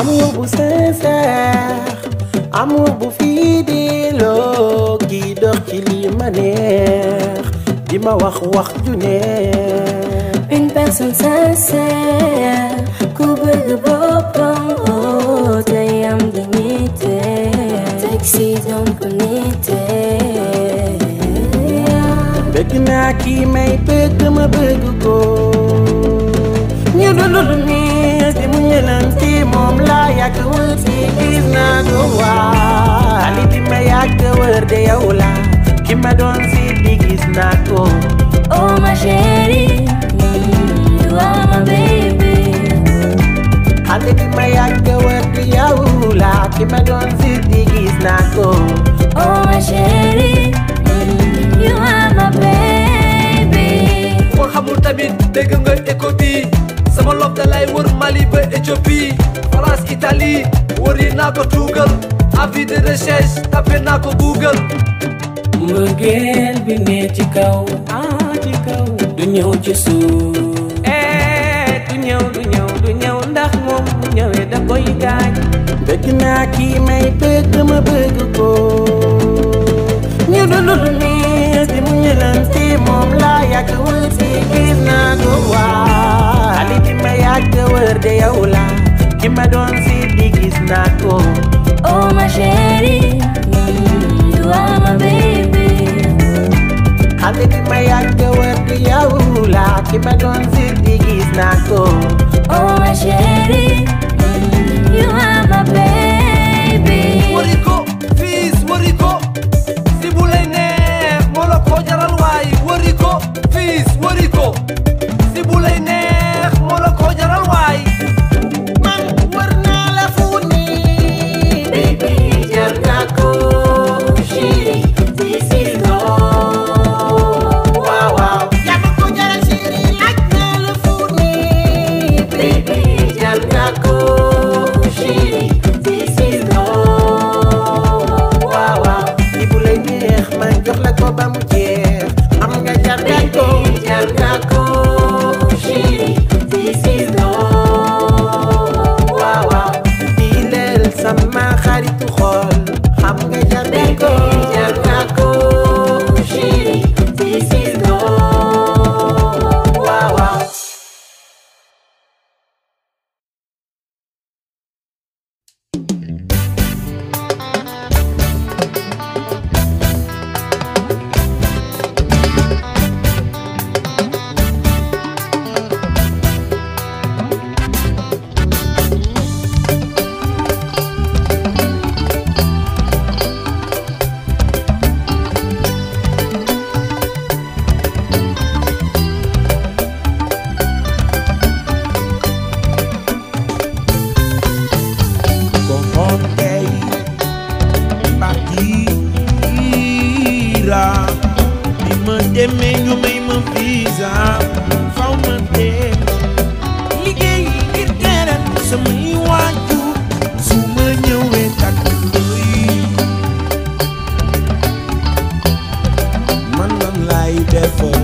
amour bu sincère amour bu fidéloo kii i ci li ma neex di ma wax wax ju neex une personne sincère ku bëgg boppam oo te am dignité sexy donc nité bëgg naa kii may bëgg yàgg wër si gis naa ko waa Ali li ma yàgg wër de yow la ki doon si di gis naa ko oh, ma chérie you are my baby Ali li ma yàgg wër de yow la ki doon si di gis Italie wari naa ko tugal avis Google. mbëggeel bi ne ci kaw. ah ci kaw. du ñëw ci suuf. Eh, du ñëw du ñëw du ñëw ndax moom bu ñëwee da may bëgg ma bëgg ko. ñu dund lu neex di mu ñëlante moom laa yàgg wër. If I don't zip, biggies not go. baby, jam na ko demee ñu may ma visa faw ma dem liggéey ngir teral samay waajur su ma ñëwee takk doy man lan laay defar